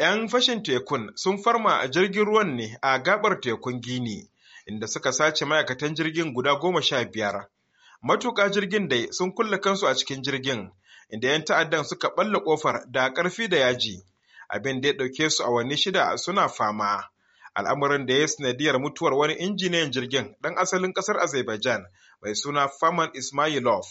‘Yan fashin tekun sun farma a jirgin ruwan ne a gabar tekun Gini, inda suka sace ma'aikatan jirgin guda goma sha biyar. Matuƙa jirgin dai sun kulle kansu a cikin jirgin, inda 'yan ta'addan suka ɓalla ƙofar da ƙarfi da yaji. Abin da ya ɗauke su a awanni shida suna fama. Al'amarin da ya sanadiyar mutuwar wani injiniyan jirgin ɗan asalin ƙasar Azerbaijan mai suna Faman Ismailov.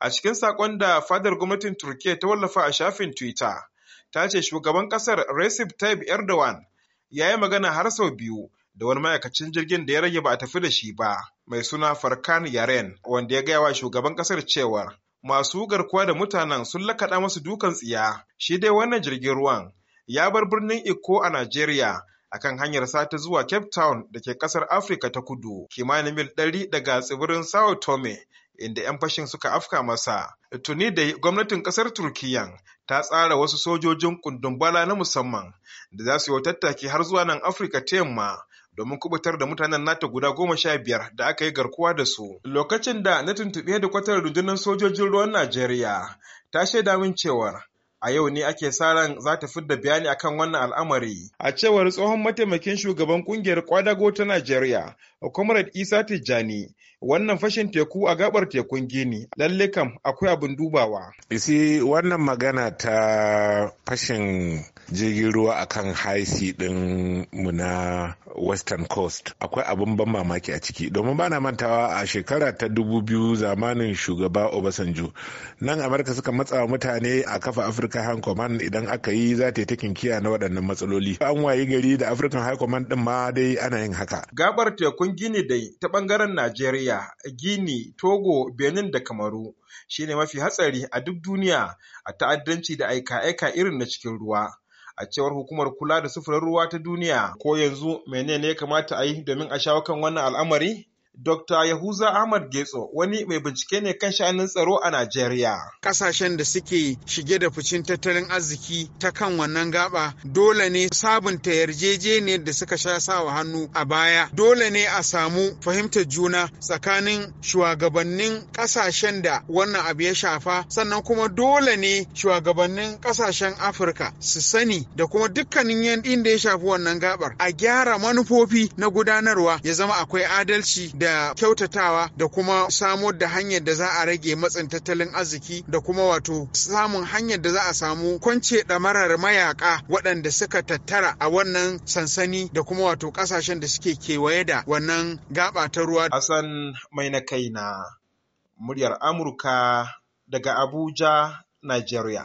A cikin saƙon da fadar gwamnatin Turkiyya ta wallafa a shafin Twitter, ta ce shugaban kasar Recep Tayyip Erdogan ya yi magana har sau biyu da wani ma'aikacin jirgin da ya rage ba a tafi da shi ba mai suna Farkan Yaren wanda ya gaya wa shugaban kasar cewar masu garkuwa da mutanen sun lakaɗa masu dukan tsiya shi dai wannan jirgin ruwan ya bar birnin Iko a Najeriya akan hanyar sata zuwa Cape Town da ke kasar Afrika ta kudu kimanin mil ɗari daga tsibirin Sao Tome inda 'yan fashin suka afka masa. Tuni da gwamnatin kasar Turkiyyan ta tsara wasu sojojin kundumbala na musamman da za su yi tattaki har zuwa nan Afirka ta yamma domin kubutar da mutanen nata guda goma sha biyar da aka yi garkuwa da su. Lokacin da na tuntuɓe da kwatar rundunar sojojin ruwan Najeriya ta shaida min cewar a yau ne ake sa ran za ta fidda bayani akan wannan al'amari. A cewar tsohon mataimakin shugaban kungiyar kwadago ta Najeriya, Comrade Isa Tijjani, wannan fashin teku a gabar tekun Gini, lalle kam akwai abin dubawa. Isi wannan magana ta fashin jirgin ruwa akan sea din mu na Western Coast akwai abin ban mamaki a ciki domin bana mantawa a shekara ta dubu biyu zamanin shugaba Obasanjo nan Amurka suka matsawa mutane a kafa Afirka african High Command idan aka yi za ta yi ta kiya na waɗannan matsaloli. An wayi gari da African High Command ɗin ma dai ana yin haka. Gabar tekun Gini dai ta bangaren Najeriya, Gini, Togo, Benin da Kamaru shine mafi hatsari a duk duniya a ta'addanci da aika-aika irin na cikin ruwa. a cewar hukumar kula da sufurin ruwa ta duniya ko yanzu menene ya kamata a yi domin a shawo kan wannan al'amari Dr. Yahuza Ahmad Getso wani mai bincike ne kan sha'anin tsaro a Najeriya. Kasashen da suke shige da ficin tattalin arziki ta kan wannan gaba dole ne sabunta yarjejeniyar da suka sha sawa hannu a baya. Dole ne a samu fahimtar juna tsakanin shugabannin kasashen da wannan abu ya shafa sannan kuma dole ne shugabannin kasashen Afirka su sani da kuma dukkanin yan da ya shafi wannan gabar a gyara manufofi na gudanarwa ya zama akwai adalci da da kyautatawa da kuma samar da hanyar da za a rage matsin tattalin arziki da kuma wato samun hanyar da za a samu kwance ɗamarar mayaka waɗanda suka tattara a wannan sansani da kuma wato ƙasashen da suke kewaye da wannan gaba ta ruwa. Hassan mai na kai na muryar Amurka daga Abuja, Nigeria.